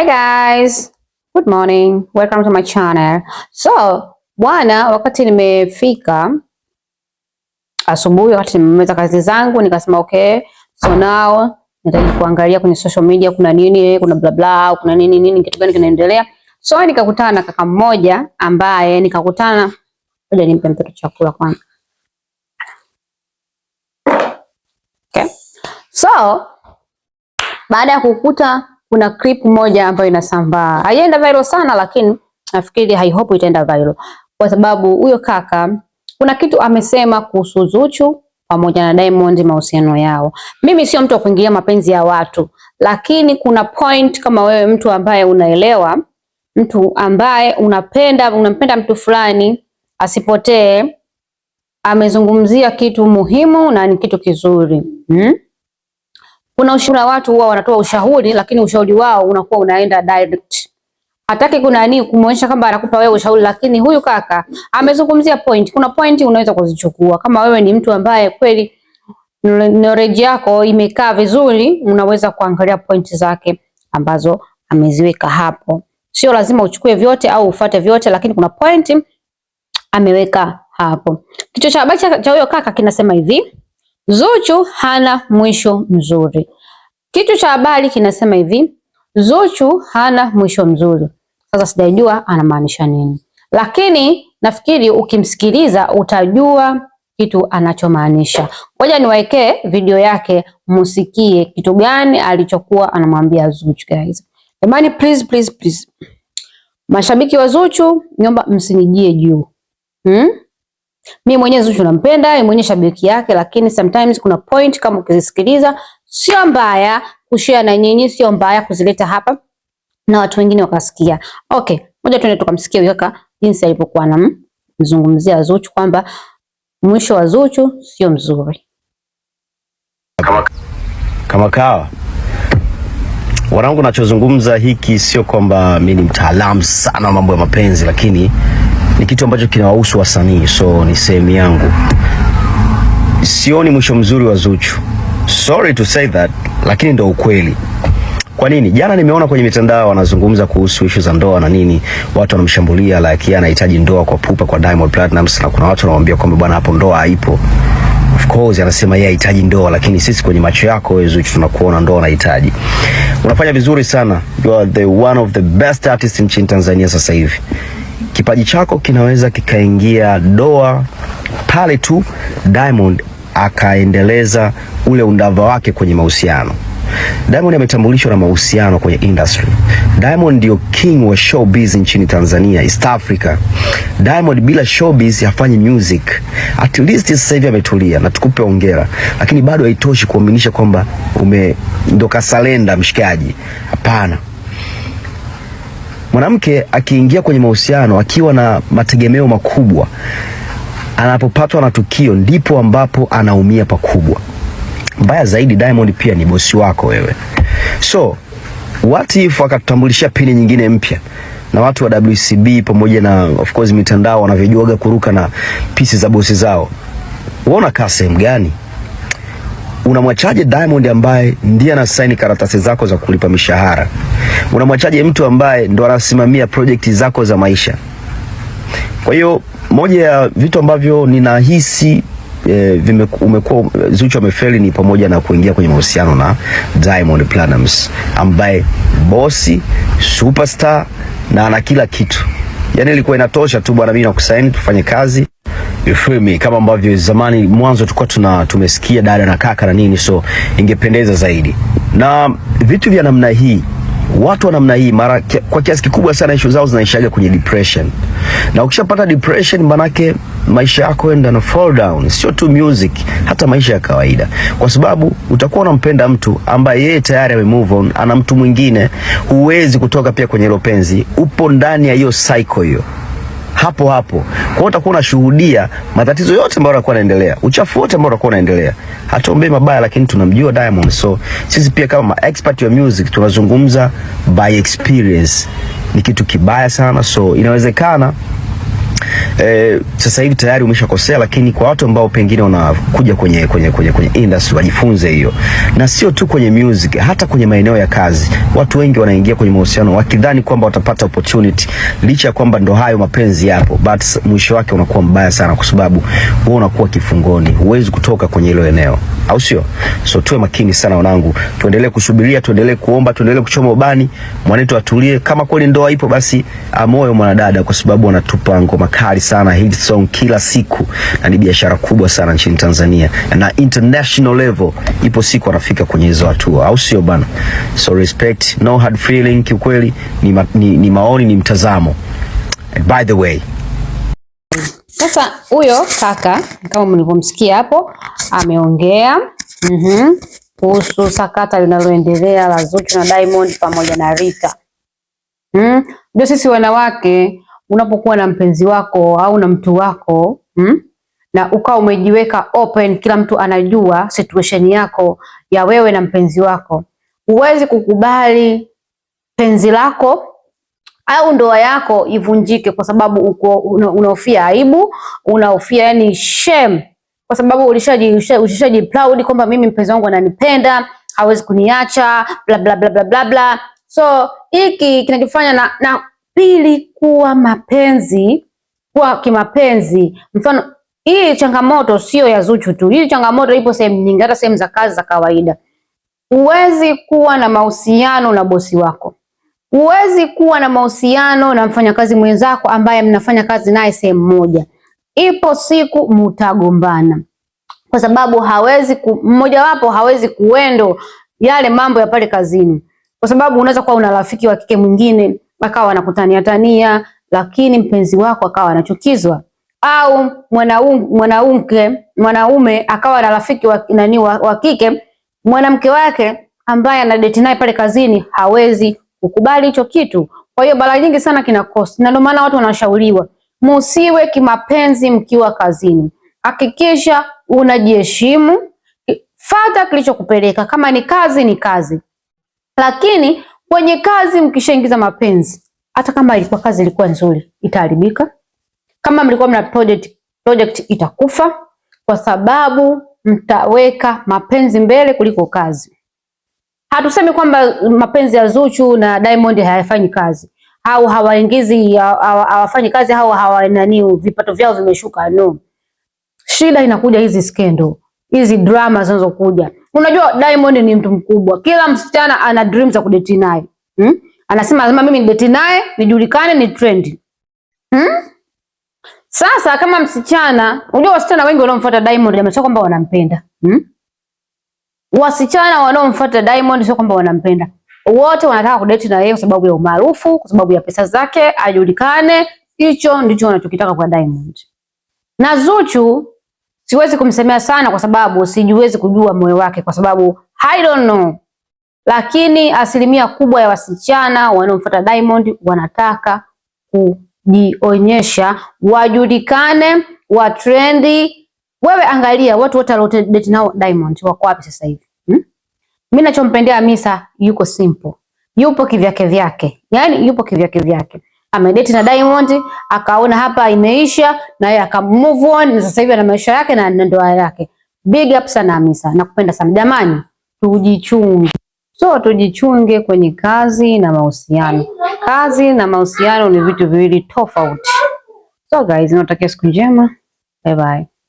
Hi guys. Good morning. Welcome to my channel. So, bwana, wakati nimefika asubuhi, wakati nimemaliza kazi zangu nikasema okay, so now nitaji kuangalia kwenye social media kuna nini, kuna bla bla, kuna nini nini, kitu gani kinaendelea. So nikakutana na kaka mmoja ambaye nikakutana, ngoja nimpe mtoto chakula kwanza. Okay. So baada ya kukuta kuna clip moja ambayo inasambaa, haienda viral sana, lakini nafikiri I hope itaenda viral kwa sababu huyo kaka kuna kitu amesema kuhusu Zuchu pamoja na Diamond mahusiano yao. Mimi sio mtu wa kuingilia mapenzi ya watu, lakini kuna point kama wewe mtu ambaye unaelewa, mtu ambaye unapenda unampenda mtu fulani asipotee. Amezungumzia kitu muhimu na ni kitu kizuri hmm? Kuna ushauri watu huwa wanatoa ushauri, lakini ushauri wao unakuwa unaenda direct. Hataki kuna nini kumuonyesha kama anakupa wewe ushauri, lakini huyu kaka amezungumzia point. Kuna point unaweza kuzichukua kama wewe ni mtu ambaye kweli knowledge yako imekaa vizuri, unaweza kuangalia point zake ambazo ameziweka hapo. Sio lazima uchukue vyote au ufate vyote, lakini kuna point ameweka hapo. Kichwa cha habari cha huyo kaka kinasema hivi: Zuchu hana mwisho mzuri. Kichwa cha habari kinasema hivi, Zuchu hana mwisho mzuri. Sasa sijajua anamaanisha nini, lakini nafikiri ukimsikiliza utajua kitu anachomaanisha. Ngoja niwaekee video yake musikie kitu gani alichokuwa anamwambia Zuchu guys. Jamani, please please please, mashabiki wa Zuchu nyomba msinijie juu hmm? Mi mwenyewe Zuchu nampenda, mi mwenyewe shabiki yake, lakini sometimes kuna point kama ukizisikiliza sio mbaya kushare na nyinyi, sio mbaya kuzileta hapa na watu wengine wakasikia. Okay, moja tuende tukamsikia huyo kaka jinsi alivyokuwa anamzungumzia Zuchu kwamba mwisho wa Zuchu sio mzuri. Kama, kama kawa wanangu, nachozungumza hiki sio kwamba mi ni mtaalamu sana wa mambo ya mapenzi, lakini ni kitu ambacho kinawahusu wasanii, so ni sehemu yangu. Sioni mwisho mzuri wa Zuchu. Sorry to say that, lakini ndo ukweli. Kwa nini? Jana nimeona kwenye mitandao wanazungumza kuhusu issue za ndoa na nini, watu wanamshambulia like anahitaji ndoa kwa pupa kwa Diamond Platnumz, na kuna watu wanamwambia kwamba bwana, hapo ndoa haipo. Of course anasema yeye anahitaji ndoa, lakini sisi kwenye macho yako wewe Zuchu tunakuona ndoa anahitaji. Unafanya vizuri sana. You are the one of the best artists nchini Tanzania sasa hivi. Kipaji chako kinaweza kikaingia doa pale tu Diamond akaendeleza ule undava wake kwenye mahusiano. Diamond ametambulishwa na mahusiano kwenye industry. Diamond ndio king wa showbiz nchini Tanzania, East Africa. Diamond bila showbiz hafanyi music. At least sasa hivi ametulia na tukupe ongera, lakini bado haitoshi kuaminisha kwamba ume ndo kasalenda mshikaji. Hapana. Mwanamke akiingia kwenye mahusiano akiwa na mategemeo makubwa anapopatwa na tukio ndipo ambapo anaumia pakubwa. Mbaya zaidi, Diamond pia ni bosi wako wewe, so what if akatutambulisha pini nyingine mpya na watu wa WCB pamoja na of course mitandao wanavyojuaga kuruka na pisi za bosi zao, waona kaa sehemu gani? Unamwachaje Diamond ambaye ndiye anasaini karatasi zako za kulipa mishahara? Unamwachaje mtu ambaye ndo anasimamia projekti zako za maisha? Kwa hiyo moja ya vitu ambavyo ninahisi E, umekuwa Zuchu amefeli ni pamoja na kuingia kwenye mahusiano na Diamond Platnumz ambaye bosi superstar na ana kila kitu. Yani ilikuwa inatosha tu bwana, mimi nakusaini tufanye kazi Ifumi, kama ambavyo zamani mwanzo tulikuwa tuna tumesikia dada na kaka na nini, so ingependeza zaidi na vitu vya namna hii watu wa namna hii mara kwa kiasi kikubwa sana issue zao zinaishaga kwenye depression, na ukishapata depression, manake maisha yako enda na fall down, sio tu music, hata maisha ya kawaida, kwa sababu utakuwa unampenda mtu ambaye yeye tayari ame move on, ana mtu mwingine, huwezi kutoka pia kwenye lopenzi, upo ndani ya hiyo cycle hiyo hapo hapo. Kwa hiyo utakuwa unashuhudia matatizo yote ambayo yanakuwa yanaendelea, uchafu wote ambao unakuwa unaendelea. Hatuombei mabaya, lakini tunamjua Diamond, so sisi pia kama expert wa music tunazungumza by experience. Ni kitu kibaya sana, so inawezekana eh, sasa hivi tayari umeshakosea, lakini kwa watu ambao pengine wanakuja kwenye, kwenye, kwenye, kwenye industry wajifunze hiyo, na sio tu kwenye music, hata kwenye maeneo ya kazi. Watu wengi wanaingia kwenye mahusiano wakidhani kwamba watapata opportunity, licha ya kwamba ndo hayo mapenzi yapo, but mwisho wake unakuwa mbaya sana, kwa sababu wewe unakuwa kifungoni, huwezi kutoka kwenye hilo eneo, au sio? So tuwe makini sana wanangu, tuendelee kusubiria, tuendelee kuomba, tuendelee kuchoma ubani, mwanetu atulie. Kama kweli ndoa ipo, basi amoyo mwanadada, kwa sababu anatupa ngoma makali sana hit song kila siku, na ni biashara kubwa sana nchini Tanzania na international level, ipo siku anafika kwenye hizo hatua, au sio bana? So respect, no hard feeling. Kiukweli ni, ma, ni, ni maoni, ni mtazamo. And by the way sasa huyo kaka kama mlivyomsikia hapo ameongea mhm, kuhusu mm -hmm. sakata linaloendelea la Zuchu na Diamond pamoja na Rita mhm, ndio mm. Sisi wanawake unapokuwa na mpenzi wako au na mtu wako hmm? na ukawa umejiweka open, kila mtu anajua situation yako ya wewe na mpenzi wako, huwezi kukubali penzi lako au ndoa yako ivunjike kwa sababu uko unahofia aibu, unahofia yani shame, kwa sababu ulishaji proud kwamba mimi mpenzi wangu ananipenda, hawezi kuniacha bla bla bla bla bla. So hiki kinachofanya na, na Pili, kuwa mapenzi kwa kimapenzi. Mfano, hii changamoto sio ya Zuchu tu, hii changamoto ipo sehemu nyingi, hata sehemu za kazi za kawaida. Huwezi kuwa na mahusiano na bosi wako, huwezi kuwa na mahusiano na mfanyakazi mwenzako ambaye mnafanya kazi naye sehemu moja. Ipo siku mutagombana, kwa sababu hawezi wapo hawezi kuendo yale mambo ya pale kazini, kwa sababu unaweza kuwa una rafiki wa kike mwingine akawa anakutania tania, lakini mpenzi wako akawa anachukizwa, au mwanamke mwanaume akawa na rafiki wa, nani wa kike, mwanamke wake ambaye anadeti naye pale kazini hawezi kukubali hicho kitu. Kwa hiyo mara nyingi sana cost, na ndio maana watu wanashauriwa musiwe kimapenzi mkiwa kazini. Hakikisha unajiheshimu, fata kilichokupeleka. Kama ni kazi ni kazi, lakini Kwenye kazi mkishaingiza mapenzi, hata kama ilikuwa kazi ilikuwa nzuri, itaharibika. Kama mlikuwa mna project, project itakufa kwa sababu mtaweka mapenzi mbele kuliko kazi. Hatusemi kwamba mapenzi ya Zuchu na Diamond hayafanyi kazi au hawaingizi hawafanyi kazi au hawanani vipato vyao vimeshuka, no. Shida inakuja hizi skendo, hizi drama zinazokuja Unajua Diamond ni mtu mkubwa, kila msichana ana dream za kudeti naye hmm? Anasema lazima mimi nideti naye nijulikane, ni trend hmm? Sasa kama msichana, unajua wasichana wengi wanaomfuata Diamond amesema kwamba wanampenda hmm? Wasichana wanaomfuata Diamond sio kwamba wanampenda wote, wanataka kudeti na yeye kwa sababu ya umaarufu, kwa sababu ya pesa zake, ajulikane. Hicho ndicho wanachokitaka kwa Diamond na Zuchu siwezi kumsemea sana, kwa sababu sijuwezi kujua moyo wake, kwa sababu I don't know. Lakini asilimia kubwa ya wasichana wanaomfuata Diamond wanataka kujionyesha, wajulikane, watrendi. Wewe angalia watu wote aliodate nao Diamond wako wapi sasa hivi hmm? Mimi nachompendea Hamisa, yuko simple, yupo kivyake vyake, yani yupo kivyake vyake amedeti na Diamond akaona hapa imeisha, na yeye akamove on, na sasa hivi ana maisha yake na ndoa yake. Big up sana Hamisa, nakupenda sana jamani, tujichunge. So tujichunge kwenye kazi na mahusiano. Kazi na mahusiano ni vitu viwili tofauti. So guys, natakia siku njema, bye bye.